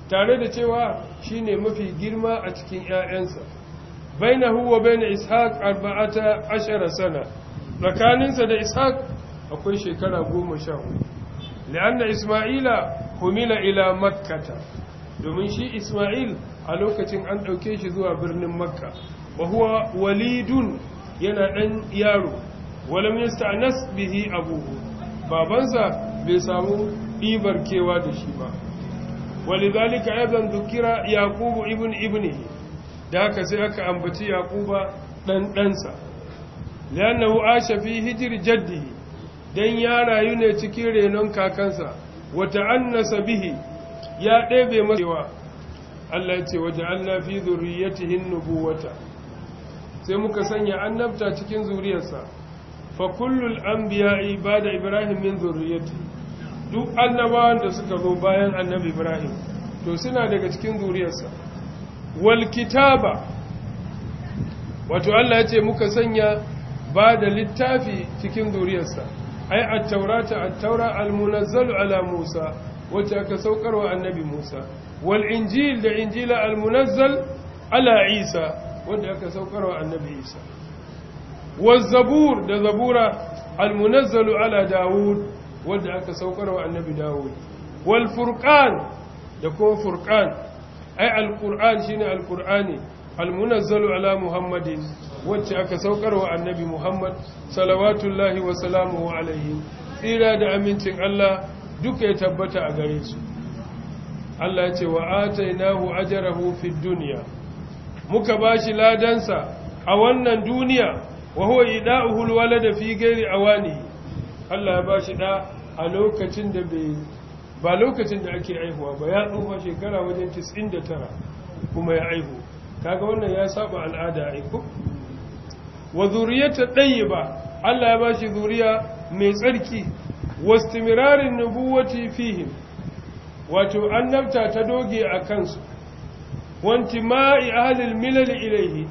tare da cewa shine mafi girma a cikin 'ya'yansa bainahu wa bain ishaq arba'ata ashara sana tsakaninsa da ishaq akwai shekara goma sha hudu da isma'ila humila ila makkata domin shi isma'il a lokacin an ɗauke shi zuwa birnin makka ba huwa walidun yana ɗan yaro walam anas bihi abubu. babansa bai samu ɗibar kewa da shi ba walidhalika aidan dukira Yakubu ibn ibnihi da haka sai aka ambaci yaquba dan ɗansa liannahu asha fi hijri jaddihi dan ya rayu ne cikin renon kakansa wa ta'annasa bihi ya ɗebe masa Allah ya ce wa ja'alna fi dhurriyyatihi an-nubuwata sai muka sanya annabta cikin zuriyarsa fa kullul anbiya'i ba'da ibrahim min zurriyyati duk annabawan da suka zo bayan annabi ibrahim to suna daga cikin zuriyarsa wal kitaba wato Allah ya ce muka sanya ba da littafi cikin zuriyarsa ai at-taurata a taura al-munazzalu ala Musa wacce aka saukar wa annabi Musa wal injil da injila al-munazzal ala Isa wadda aka saukar wa annabi Isa wal zabur da zabura al-munazzalu ala Dawud wadda aka saukar wa annabi Dawud wal furqan da kuma furqan ai al-qur'an shine al-qur'ani al ala Muhammadin wacce aka saukar wa annabi Muhammad salawatullahi wa wa alaihi tsira da amincin Allah duka ya tabbata a gare su Allah ce wa atainahu ajrahu fid dunya muka bashi ladansa a wannan duniya wa huwa ida'uhu alwalada fi ghairi awani Allah ya bashi da a lokacin da bai ba lokacin da ake aihuwa ba ya tsufa shekara wajen 99 kuma ya aihu kaga wannan ya saba al'ada aiko wa zuriyata ɗayyiba Allah ya bashi zuriya mai tsarki wastimirarin nubuwati fihim wato annabta ta doge a kansu wanti ma'i ahalil milali ilaihi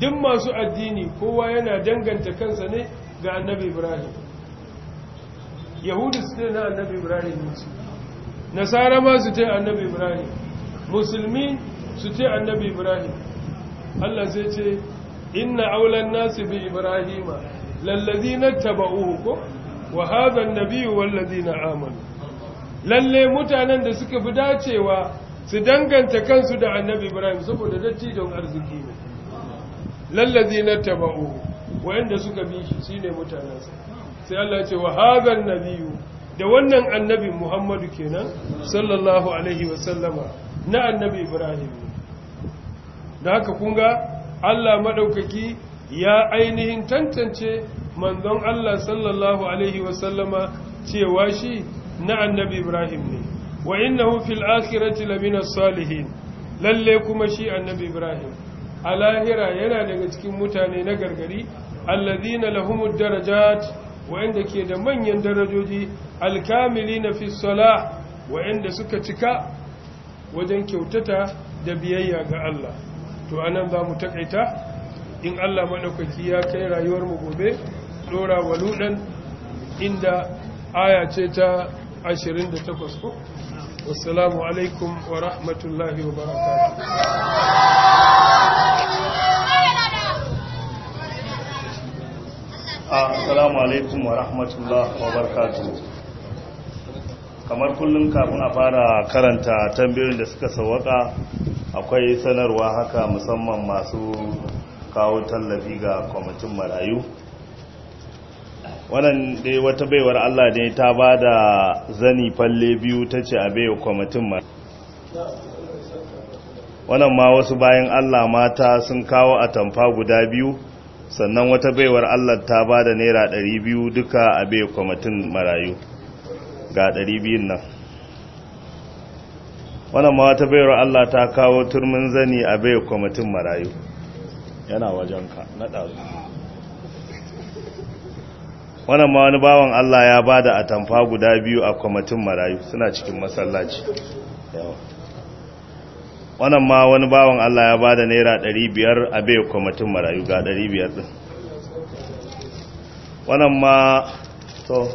duk masu addini kowa yana danganta kansa ne ga annabi ibrahim yahudu su na annabi ibrahim musu nasara ma su ce annabi ibrahim musulmi su ce annabi ibrahim allah zai ce inna aulan nasu bi ibrahima lallazina taba'uhu ko wa hadha an-nabiyyu na amanu lalle mutanen da suka fi dacewa su danganta kansu da annabi ibrahim saboda dattijon arziki ne lallazina taba'uhu wa'anda suka bi shi shi ne mutanansa sai Allah ce wa hadha an-nabiyyu da wannan annabi Muhammadu kenan sallallahu alaihi wasallama na annabi Ibrahim da haka kunga Allah maɗaukaki ya ainihin tantance manzon Allah sallallahu Alaihi wasallama cewa shi na annabi Ibrahim ne, wa innahu fil akhirati lamina salihin, lalle kuma shi annabi Ibrahim, a lahira yana daga cikin mutane na gargari, allazina lahumud darajat wa'inda ke da manyan darajoji alkamili na fi salah wa'inda suka cika wajen kyautata da biyayya ga Allah. to anan za mu takaita in Allah maɗaukaki ya kai rayuwar mu gobe ɗora luɗan, inda aya ce ta 28 ko wassalamu alaikum wa rahmatullahi wa barakatuh assalamu alaikum wa rahmatullahi wa barakatuh kamar kullum kafin a fara karanta tambayoyin da suka sawaka akwai sanarwa haka musamman masu kawo tallafi ga kwamitin marayu wannan dai wata baiwar Allah ne ta ba da zani falle biyu ta ce a baiwa kwamitin marayu wannan ma wasu bayan Allah mata sun kawo a tamfa guda biyu sannan wata baiwar Allah ta ba da naira 200 duka a baiwa kwamitin marayu ga 200 nan wannan ma wata bayar Allah ta kawo turmin zani a bai kwamitin marayu yana wajenka na ɗazu wannan ma wani bawan Allah ya ba da atamfa guda biyu a kwamitin marayu suna cikin masallaci wannan ma wani bawan Allah ya ba da naira 500 a bai kwamitin marayu ga 500 ɗin wannan ma to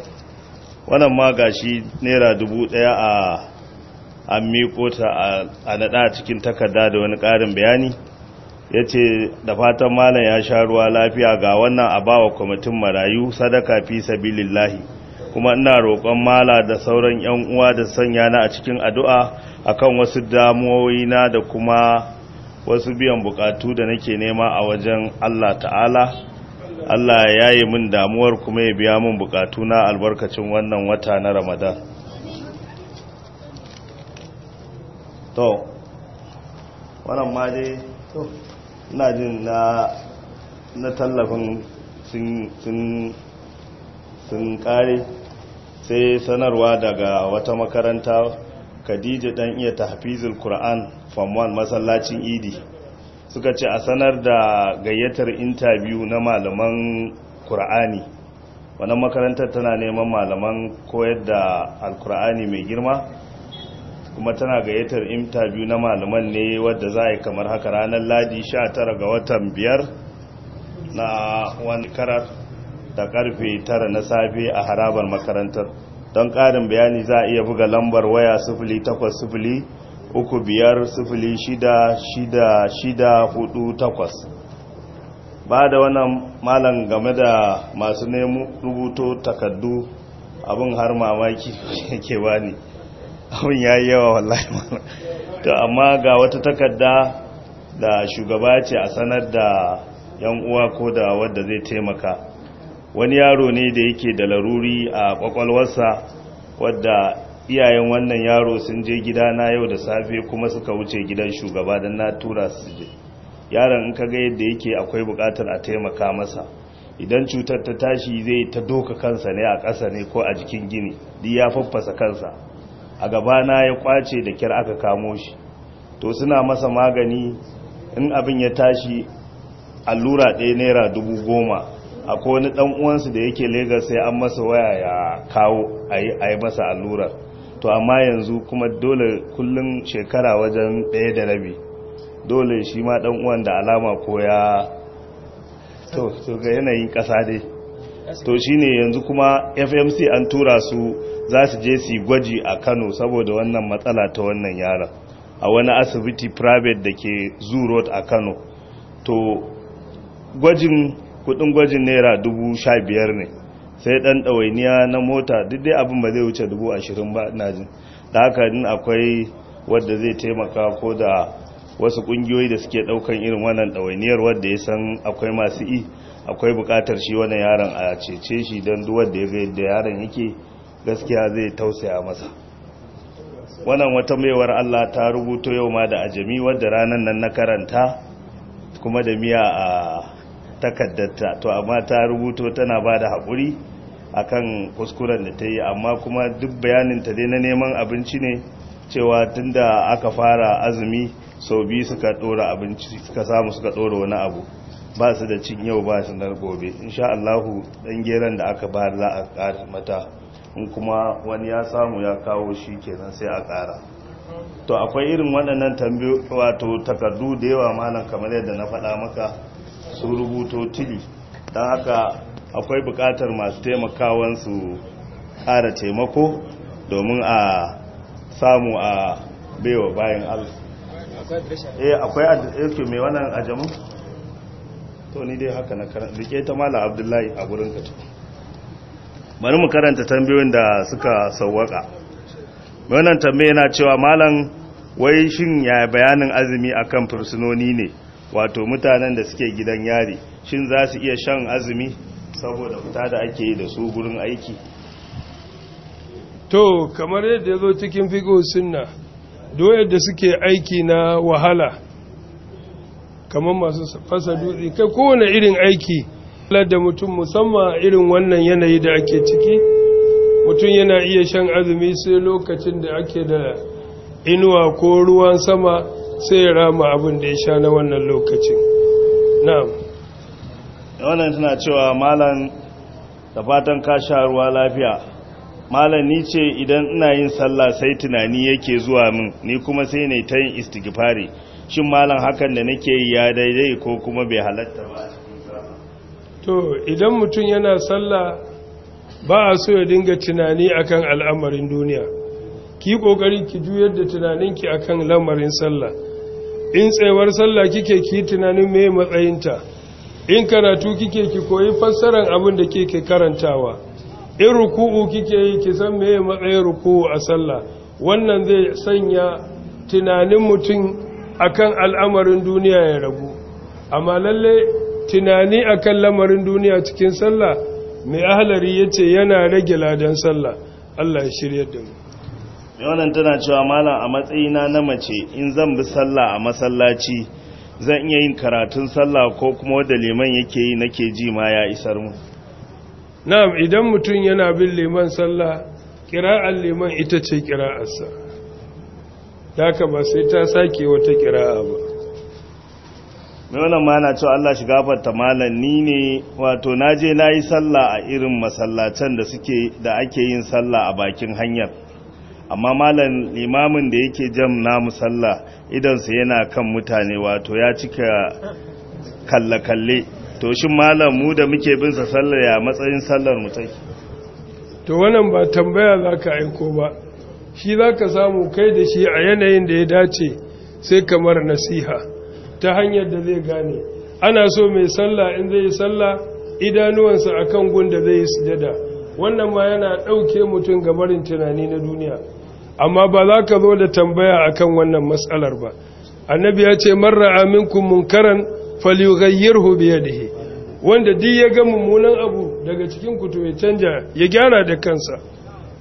wannan ma gashi naira 1000 a an miko ta a nada cikin takarda da wani karin bayani ya ce da fatan malam ya sha ruwa lafiya ga wannan a bawa kwamitin marayu sadaka fi sabilillahi kuma ina roƙon mala da sauran 'yan uwa da sanya na a cikin addu'a akan wasu damuwoyi da kuma wasu biyan bukatu da nake nema a wajen Allah ta'ala Allah ya yi min damuwar kuma ya biya min bukatu na albarkacin wannan wata na Ramadan to wannan ma dai to ina jin na na tallafin sun kare sai sanarwa daga wata makaranta khadija dan iya tahfizul qur'an form 1 masallacin idi suka ce a sanar da gayyatar interview na malaman qur'ani wannan makarantar tana neman malaman koyar da alqur'ani mai girma kuma tana gayyatar interview na malaman ne wadda za a yi kamar haka ranar ladi 19 ga watan biyar na wani karar da karfe 9 na safe a harabar makarantar don ƙarin bayani za a iya buga lambar waya 08 uku biyar sifili shida shida shida hudu takwas ba da wannan malam game da masu nemo rubuto takardu abin har mamaki ke bani abin ya yi yawa wallahi to amma ga wata takarda da shugaba ce a sanar da yan uwa ko da wadda zai taimaka wani yaro ne da yake da laruri a kwakwalwarsa wadda iyayen wannan yaro sun je gida na yau da safe kuma suka wuce gidan shugaba don na tura su je yaron in ka ga yadda yake akwai bukatar a taimaka masa idan cutar ta tashi zai ta doka kansa ne a ƙasa ne ko a jikin gini duk ya faffasa kansa a gabana ya kwace da kyar aka kamo shi to suna masa magani in abin ya tashi allura ɗaya naira dubu goma akwai wani ɗan uwansu da yake legas sai an masa waya ya kawo a yi masa allura to amma yanzu kuma dole kullum shekara wajen ɗaya da rabi dole shi ma ɗan uwan da alama ko ya to ga yanayin ƙasa dai to shine yanzu kuma fmc an tura su za su je su gwaji a kano saboda wannan matsala ta wannan yaron a wani asibiti private da ke zoo road a kano to gwajin kudin gwajin naira dubu sha biyar ne sai dan ɗawainiya na mota duk dai abin ba zai wuce dubu ashirin ba na jin da haka din akwai wadda zai taimaka ko da wasu ƙungiyoyi da suke ɗaukan irin wannan ɗawainiyar wadda ya san akwai masu i akwai bukatar shi wani yaron a cece shi don duwar da ya ga yadda yaron yake gaskiya zai tausaya masa wannan wata maiwar Allah ta rubuto yau ma da ajami wadda ranar nan na karanta kuma da miya a takaddata to amma ta rubuto tana ba da haƙuri a kan kuskuren da ta yi amma kuma duk bayanin ta dai na neman abinci ne cewa tunda aka fara azumi sau biyu suka ɗora abinci suka samu suka ɗora wani abu ba su da cin yau ba su nar gobe insha Allahu dan geran da aka ba za a ƙara mata in kuma wani ya samu ya kawo shi kenan sai a ƙara to akwai irin waɗannan tambayoyi wato takardu da yawa malam kamar yadda na faɗa maka su rubuto tili dan haka akwai buƙatar masu taimakawan su ƙara taimako domin a samu a baiwa bayan Allah akwai eh, akwai mai wannan ajamu to ni dai haka na karanta rike ta mala abdullahi a gurin ka bari mu karanta tambayoyin da suka sauwaka mai wannan tambaye na cewa malam wai shin ya bayanin azumi akan fursunoni ne wato mutanen da suke gidan yari shin za su iya shan azumi saboda fita da ake yi da su gurin aiki to kamar yadda ya zo cikin figo sunna doyar da suke aiki na wahala kamar masu fasa dutse kai kowane irin aiki da mutum musamman irin wannan yanayi da ake ciki mutum yana iya shan azumi sai lokacin da ake da inuwa ko ruwan sama sai ya rama abin da ya sha na wannan lokacin na'am wannan tana cewa malam da fatan ka ruwa lafiya malam ni ce idan ina yin sallah sai tunani yake zuwa min ni kuma sai ne ta yin istighfari Cin malam hakan da nake yi ya daidai ko kuma bai halatta ba to idan mutum yana sallah ba a so ya dinga tunani akan al'amarin duniya ki kokari ki juyar da tunaninki akan lamarin sallah in tsayawar sallah kike ki tunanin me matsayinta in karatu kike ki koyi fassarar abin da kike karantawa in ruku'u kike yi ki san me matsayin ruku'u a sallah wannan zai sanya tunanin mutum akan al'amarin duniya ya ragu amma lalle tunani akan lamarin duniya cikin sallah mai ahalari yace yana rage ladan sallah Allah ya shirya da mu wannan tana cewa malam a matsayina na mace in zan bi sallah a masallaci zan iya yin karatun sallah ko kuma wanda liman yake yi nake ji ma ya isar mu na'am idan mutum yana bin liman sallah kira'ar liman ita ce kira'arsa haka kama sai ta sake wata kira'a ba mai wannan ma na cewa Allah shi gafarta malam ni ne wato na je na yi sallah a irin masallacen da suke da ake yin sallah a bakin hanyar amma malam limamin da yake jam na musalla idansa yana kan mutane wato ya cika kalle-kalle to shi malam mu da muke bin sa sallar ya matsayin sallar mu to wannan ba tambaya za ka aiko ba shi za ka samu kai da shi a yanayin da ya dace sai kamar nasiha ta hanyar da zai gane ana so mai sallah in zai yi sallah idanuwansa a kan gunda zai yi sujada wannan ma yana ɗauke mutum gabarin tunani na duniya amma ba za ka zo da tambaya a kan wannan matsalar ba annabi ya ce marra aminku munkaran ya biyadihi wanda duk ya ga mummunan abu daga cikin kutu ya canja ya gyara da kansa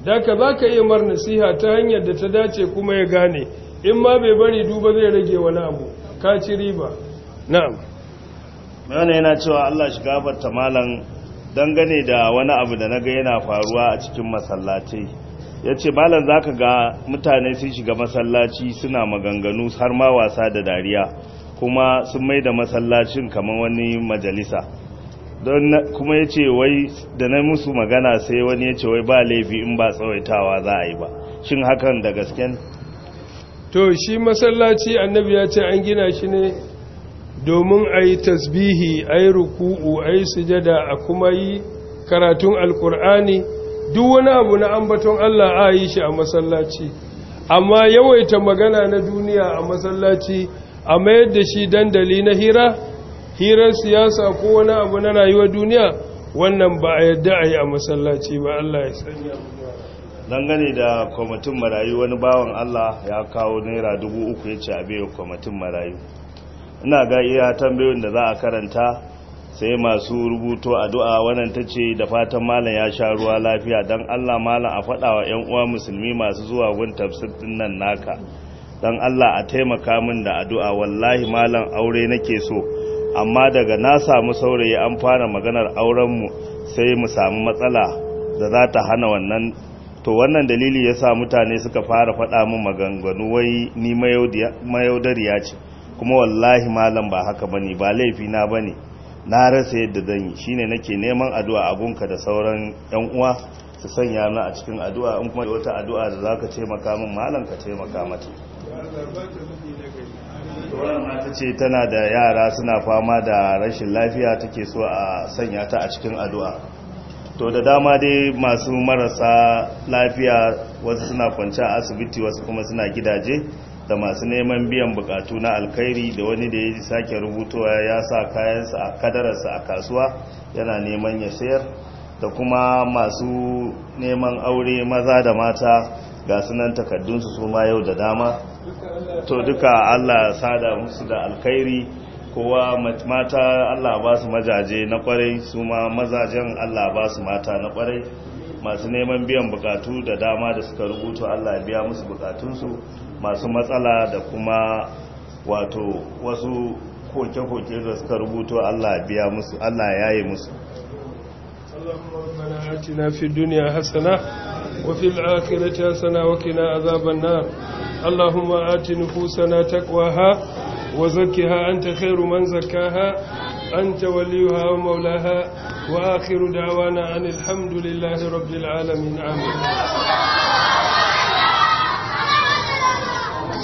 da ka za ka iya mar nasiha ta hanyar da ta dace kuma ya gane in ma bai bari duba zai rage wani abu ka ci riba na'am mai yana cewa Allah shi gafarta malam dangane da wani abu da na ga yana faruwa a cikin masallaci yace malam zaka ga mutane sun shiga masallaci suna maganganu har ma wasa da dariya kuma sun mai da masallacin kamar wani majalisa kuma ya ce wai da na musu magana sai wani ya ce wai ba laifi in ba tsawaitawa za a yi ba shin hakan da gasken to shi masallaci annabi ya ce an gina shi ne domin a yi tasbihi a yi ruku'u a yi sujada a kuma yi karatun alkur'ani duk wani abu na ambaton allah a yi shi a masallaci amma yawaita magana na duniya a masallaci a mayar da shi dandali na hira hirar siyasa ko wani abu na rayuwar duniya wannan ba a yadda a yi a masallaci ba Allah ya sanya dangane da kwamitin marayu wani bawan Allah ya kawo naira dubu uku ya ce a biyu kwamitin marayu ina ga iya tambayoyin da za a karanta sai masu rubuto addu'a wannan ta ce da fatan malam ya sha ruwa lafiya don Allah malam a faɗa wa 'yan uwa musulmi masu zuwa gun tafsir ɗin nan naka don Allah a taimaka min da addu'a wallahi malam aure nake so amma daga na samu saurayi an fara maganar aurenmu sai mu samu matsala da za ta hana wannan to wannan dalili ya sa mutane suka fara faɗa mu maganganu wai ni mayaudariya ce kuma wallahi malam ba haka ba ne ba laifina ba ne na rasa yadda zan yi shine nake neman addu'a abunka da sauran 'yan uwa su sanya na a cikin addu'a in kuma wata addu'a da zaka ka taimaka min malam ka taimaka mata wannan ta ce tana da yara suna fama da rashin lafiya take so a sanya ta a cikin addu'a to da dama dai masu marasa lafiya wasu suna kwanci a asibiti wasu kuma suna gidaje da masu neman biyan bukatu na alkhairi da wani da ya sake rubutowa ya sa kayansa a kadararsa a kasuwa yana neman ya sayar da kuma masu neman aure maza da mata ga sunan takaddunsu su ma yau da dama to duka Allah sada musu da alkhairi kowa mata Allah ba su majaje na kwarai su ma mazajen Allah ba su mata na kwarai masu neman biyan bukatu da dama da suka rubuta Allah biya musu bukatunsu masu matsala da kuma wato wasu koke-koke da suka rubuta Allah biya musu Allah yayi musu اللهم ربنا آتنا في الدنيا حسنة وفي الآخرة حسنة وقنا عذاب النار اللهم آت نفوسنا تقواها وزكها أنت خير من زكاها أنت وليها ومولاها وآخر دعوانا أن الحمد لله رب العالمين آمين